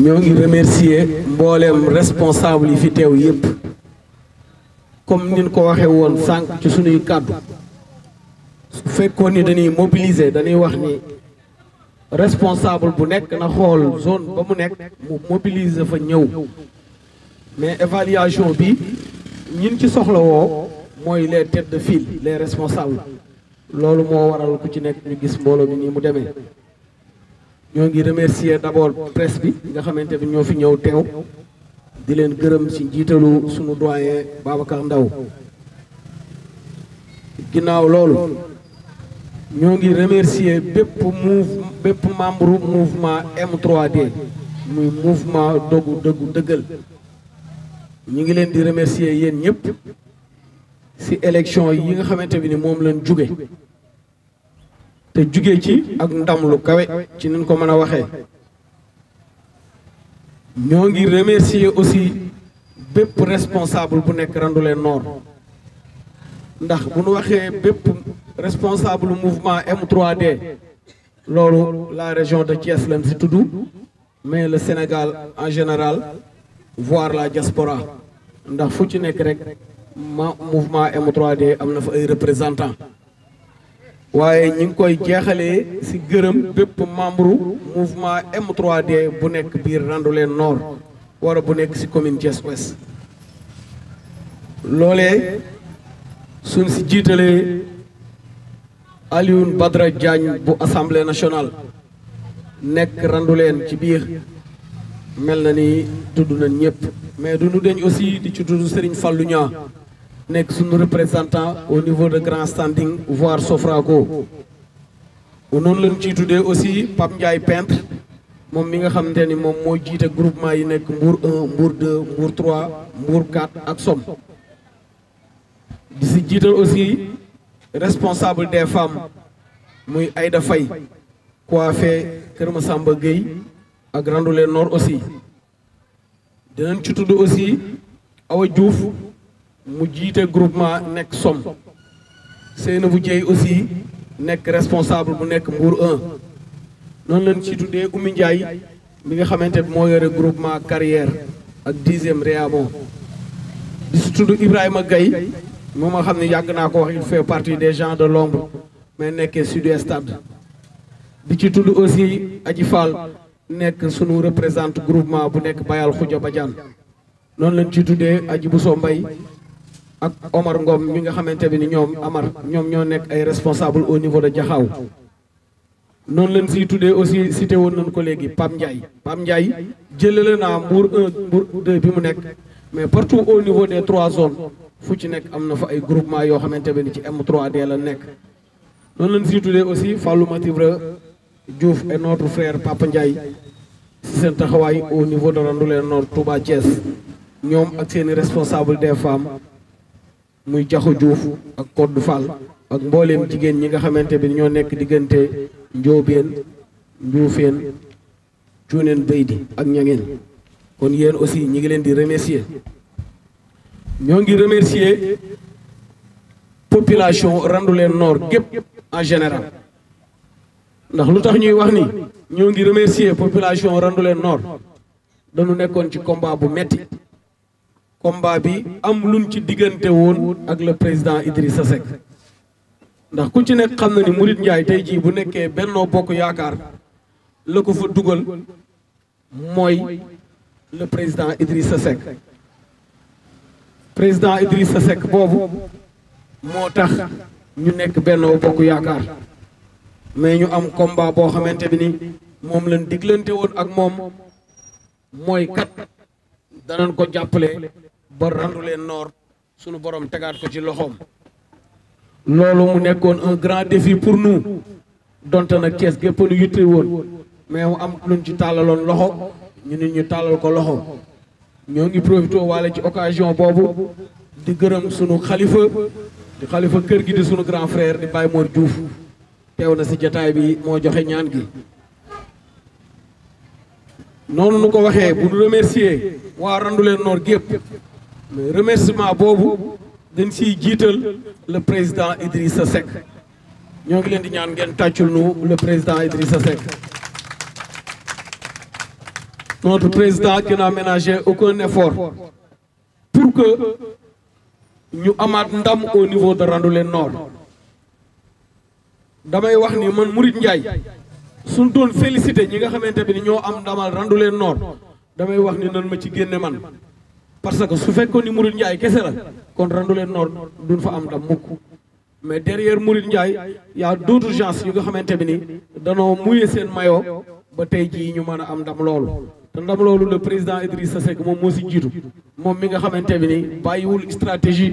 ñoo ngi remercier mbooleem responsable yi fi teew yépp comme nin ko waxee woon sànq ci suñuy kàddu su fekkoon ni dañuy mobiliser dañuy wax ni responsable bu nekk na xool zone ba mu nekk mu mobiliser fa ñëw mais évaluation bi ñin ci soxla woo mooy les têtes de file les responsables loolu moo waral ku ci nekk ñu gis mbooloo bi nii mu demee ñoo ngi remercier d'abord presse bi nga xamante ni ñoo fi ñëw teew di leen gërëm ci njiitalu sunu doyen Babacar Ndaw ginnaaw loolu ñoo ngi remercier bépp mouv bépp membre mouvement M3D muy mouvement dogu dëggu dëggal ñu ngi leen di remercier yéen ñëpp ci élection yi nga xamante bi ni moom lañ jóge te jugee ci ak ndam lu kawe ci niñ ko mën a waxee ñoo ngi remercier aussi bépp responsable bu nekk Randoulène Nord ndax bu ñu waxee bépp responsable mouvement M3D loolu la région de Thiès lañ si tudd mais le Sénégal en général voire la diaspora ndax fu ci nekk rek ma mouvement M3D am na fa ay représentants waaye ñi ngi koy jeexalee ci gërëm bépp membre mouvement M3D bu nekk biir leen Nord wala bu nekk ci commune Thiès Ouest loolee suñ ci jiitalee Alioune Badra Diagne bu assemblée nationale nekk leen ci biir mel na ni tudd nañ ñëpp mais du ñu deñ aussi di ci tudd Serigne Fallou Niang nekk suñu représentant au niveau de grand standing voire Sofraco noonu lañ ciy tuddee aussi Pape Ndiaye peintre moom mi nga xamante ni moom moo jiite groupement yi nekk Mbour 1 Mbour 2 Mbour 3 Mbour 4 ak Somme di si jiital aussi responsable des femmes muy Aïda Faye coiffé Kër Massamba Gueye ak Randoulé Nord aussi dinañ ci tudd aussi Awa Diouf mu jiite groupement nekk SOM Seynabou Dieye aussi nekk responsable bu nekk Mbour 1 noonu lañ ci tuddee Oumy Ndiaye mi nga xamante bi moo yore groupement carrière ak dixième réamo di si tudd Ibrahima gay moo nga xam ne yàgg naa ko wax il fait partie des gens de l'ombre mais nekkee Sud Stade di ci tudd aussi aji Fall nekk sunu représente groupement bu nekk Bayal xujo Badiane noonu lañ ci tuddee bu Bousso mbay ak Omar Ngom mi nga xamante ne ni ñoom Amar ñoom ñoo nekk ay responsable au niveau de Jaxaaw noonu leen siy tuddee aussi cité woon nañu ko léegi Pam Ndiaye Pam Ndiaye jëlale naa Mbour 1 Mbour 2 bi mu nekk mais partout au niveau des trois zones fu ci nekk am na fa ay groupement yoo xamante ne ci M3D la nekk noonu leen siy tuddee aussi Fallou Matibra Diouf et notre frère Papa Ndiaye si seen taxawaay au niveau de Randoulène Nord Touba Thiès ñoom ak seeni responsable des femmes muy jaxu juuf ak koddu ak mbooleem jigéen ñi nga xamante bi ñoo nekk diggante njóobeen njuufeen cuuneen baydi ak ñangeen kon yéen aussi ñi ngi leen di remercier ñoo ngi remercier population Randoulène Nord gépp en général ndax lu tax ñuy wax ni ñoo ngi remercier population leen noor dañu nekkoon ci combat bu metti combat bi am luñ ci diggante woon ak le président sa Seck ndax ku ci nekk xam na ni Mouride Ndiaye tey jii bu nekkee Benno Bokk Yaakaar la ko fa dugal mooy le président Idrissa Seck président Idrissa Seck boobu moo tax ñu nekk Benno Bokk Yaakaar mais ñu am combat boo xamante bi ni moom lañ diglante woon ak moom mooy kat danañ ko jàppale ba rendu leen nord sunu borom tegaat ko ci loxoom. loolu mu nekkoon un grand défi pour nous donte nag kees gépp lu woon mais mu am luñ ci tàllaloon loxo ñu nit ñu tàllal ko loxo ñoo ngi profité waale ci occasion boobu di gërëm sunu xalifa di xalifa kër gi di sunu grand frère di Baye Mor teew na si jataay bi moo joxe ñaan gi noonu nu ko waxee bu remercier waa Randoulène Nord gépp mais remerciement boobu dañ siy jiital le président sa Seck ñoo ngi leen di ñaan ngeen tàccul nu le président sa Seck notre président qui n'a ménagé aucun effort pour que ñu amaat ndam au niveau de Randoulène Nord damay wax ni man Mouride Ndiaye suñ doon félicité ñi nga xamante bi ni ñoo am ndamal leen Nord damay wax ni nan ma ci génne man parce que su fekkoon ni Mouride Ndiaye kese la kon Randoulène Nord duñ fa am dam mukk mais derrière Mouride Ndiaye y a d'autres gens yu nga xamante bi ni danoo muyee seen mayoo ba tey jii ñu mën a am ndam loolu te ndam loolu le président Idrissa Seck moom moo si jiitu moom mi nga xamante bi ni bàyyiwul stratégie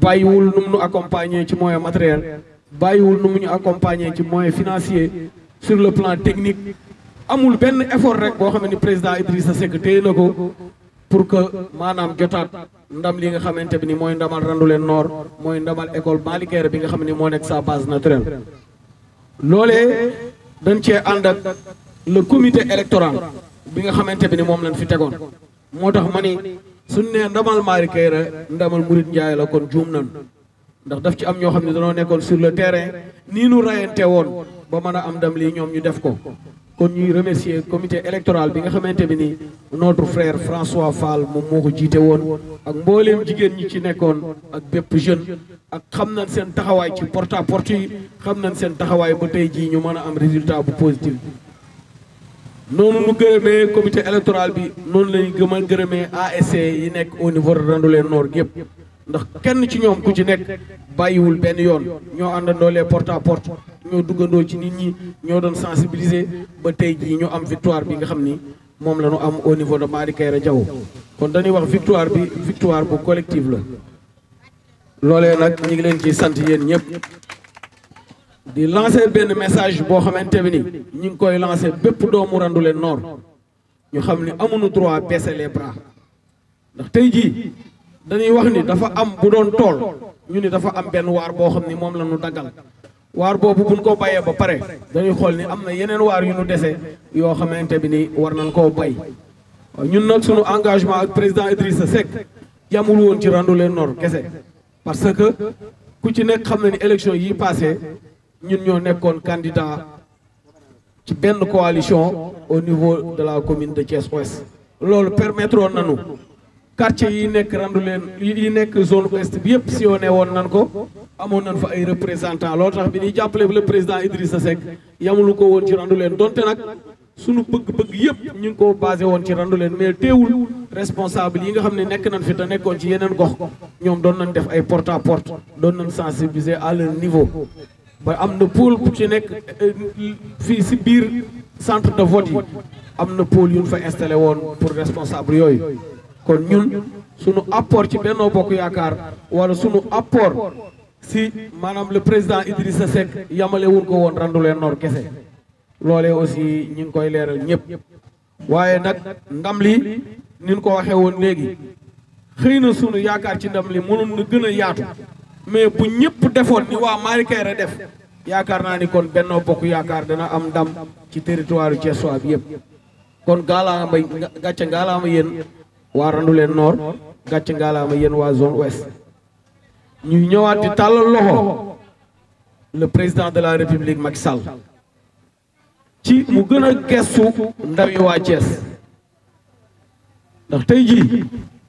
bàyyiwul nu mu nu accompagner ci moyen matériel bàyyiwul nu ñu accompagner ci moyen financier sur le plan technique amul benn effort rek boo xam ne président Idrissa Seck téye na ko pour que maanaam jotaat ndam li nga xamante bi ni mooy ndamal leen noor mooy ndamal école Malickère bi nga xam ne moo nekk sa base naturelle loolee dañ cee ànd ak le comité électoral bi nga xamante bi ni moom lañ fi tegoon moo tax ma ni suñ nee ndamal Malickère ndamal Murit Njaay la kon juum nan ndax daf ci am ñoo xam ne danoo nekkoon sur le terrain nii nu rayante woon ba mën a am ndam lii ñoom ñu def ko kon ñuy remercier comité électoral bi nga xamante bi ni notre frère François Fall moom moo ko jiite woon ak mbooleem jigéen ñi ci nekkoon ak bépp jeune ak xam na seen taxawaay ci porta port yi xam na seen taxawaay ba tey jii ñu mën a am résultat bu positif noonu nu gërëmee comité électoral bi noonu lañu gëm a gërëmee ASC yi nekk au niveau de Randoulène Nord gépp ndax kenn ci ñoom ku ci nekk bàyyiwul benn yoon ñoo àndandoo les porte à ñoo duggandoo ci nit ñi ñoo doon sensibiliser ba tey jii ñu am victoire bi nga xam ni moom la ñu am au niveau de Madi Kayra Diaw kon dañuy wax victoire bi victoire bu collective la loolee nag ñu ngi leen ci sant yéen ñëpp di lancer benn message boo xamante bi ni ñu ngi koy lancer bépp doomu Randoulène Nord ñu xam ni amuñu droit baisser les bras ndax tey jii dañuy wax ni dafa am bu doon tool ñu ni dafa am benn waar boo xam ni moom lañu ñu daggal waar boobu buñ ko bayee ba pare dañuy xool ni am na yeneen waar yu ñu dese yoo xamante bi ni war nañ koo bay ñun nag sunu engagement ak président Idrissa Seck yamul woon ci Randoulène Nord kese parce que ku ci nekk xam na ni élection yi passé ñun ñoo nekkoon candidat ci benn coalition au niveau de la commune de Thiès Ouest loolu permettre nañu quartier yi nekk Randoulène yi nekk zone ouest bi yëpp sillonné woon nan ko amoon nañu fa ay représentant loolu tax bi ñuy jàppale le président Idrissa Seck yamulu ko woon ci randu leen donte nag suñu bëgg-bëgg yëpp ñu ngi ko basé woon ci randu leen mais teewul responsable yi nga xam ne nekk nañ fi te nekkoon ci yeneen gox ñoom doon nañu def ay porte à porte doon nañ sensibiliser à leur niveau ba am na pôle ku ci nekk euh, fii si biir centre de vote yi am na pôle yu ñu fa installé woon pour responsable yooyu kon ñun suñu apport ci Benno Bokk Yaakaar wala suñu apport si maanaam le président Idrissa Seck yamale yamalewul ko woon Randoulène noor kese loolee aussi ñi ngi koy leeral ñëpp waaye nag ndam li ni ko waxee woon léegi xëy na sunu yaakaar ci ndam li mënoon na gën yaatu mais bu ñëpp defoon ni waa Mari Kayre def yaakaar naa ni kon Benno Bokk Yaakaar dana am ndam ci territoire Thiès bi yëpp kon gaalaama gàcce ngaalaama yéen waa Randoulène Nord gàcce ngaalaama yéen waa zone ouest ñuy ñëwaat tàllal loxo le président de la république Macky Sall ci mu gën a gestu ndaw yi waa Thiès ndax tey jii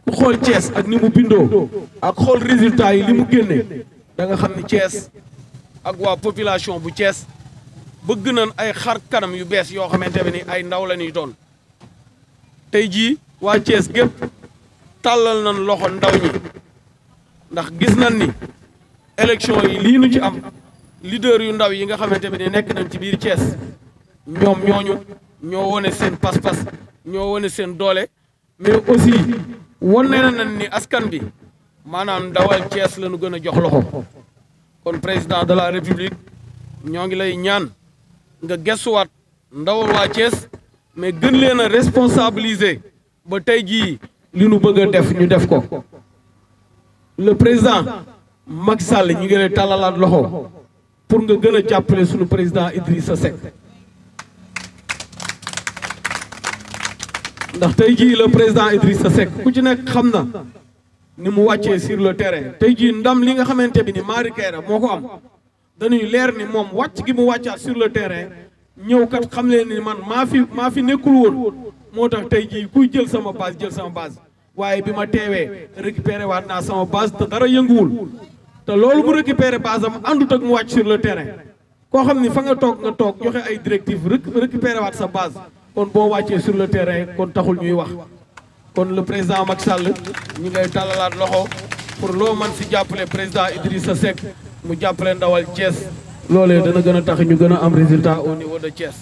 ku xool Thiès ak ni mu bindoo ak xool résultat yi li mu génne danga xam ni Thiès ak waa population bu Thiès bëgg nañ ay xar kanam yu bees yoo xamante ne ni ay ndaw la doon tey jii waa Thiès gépp tàllal nañ loxo ndaw ñi ndax gis nañ ni élection yi lii nu ci am leader yu ndaw yi nga xamante ne nekk nañ ci biir cees ñoom ñooñu ñoo wane seen pas-pas ñoo wane seen doole mais aussi wane nañ ni askan bi maanaam dawal cees la ñu gën a jox loxo kon président de la république ñoo ngi lay ñaan nga gestuwaat ndawal waa Thiès mais gën leen a responsabiliser ba tey jii li nu bëgg a def ñu def ko le président Macky Sall ñu ngi lay tàllalaat loxo pour nga gën a jàppale suñu président Idrissa Seck ndax tey jii la président Idrissa Seck ku ci nekk xam na ni mu wàccee sur le terrain tey jii ndam li nga xamante bi ni Mari Kaïra moo ko am dañuy leer ni moom wàcc gi mu wàccaat sur le terrain ñëw kat xam leen ni man maa fi maa fi nekkul woon moo tax tey jii kuy jël sama base jël sama base waaye bi ma teewee récupéré waat naa sama base te dara yënguwul te loolu mu récupéré base am àndut ak mu wàcc sur le terrain koo xam ni fa nga toog nga toog joxe ay directives récupéré waat sa base kon boo wàccee sur le terrain kon taxul ñuy wax kon le président Macky Sall ñu ngay tàllalaat loxo pour loo mën si jàppale président sa Seck mu jàppale ndawal Thiès loolee dana gën a tax ñu gën a am résultat au niveau de Thiès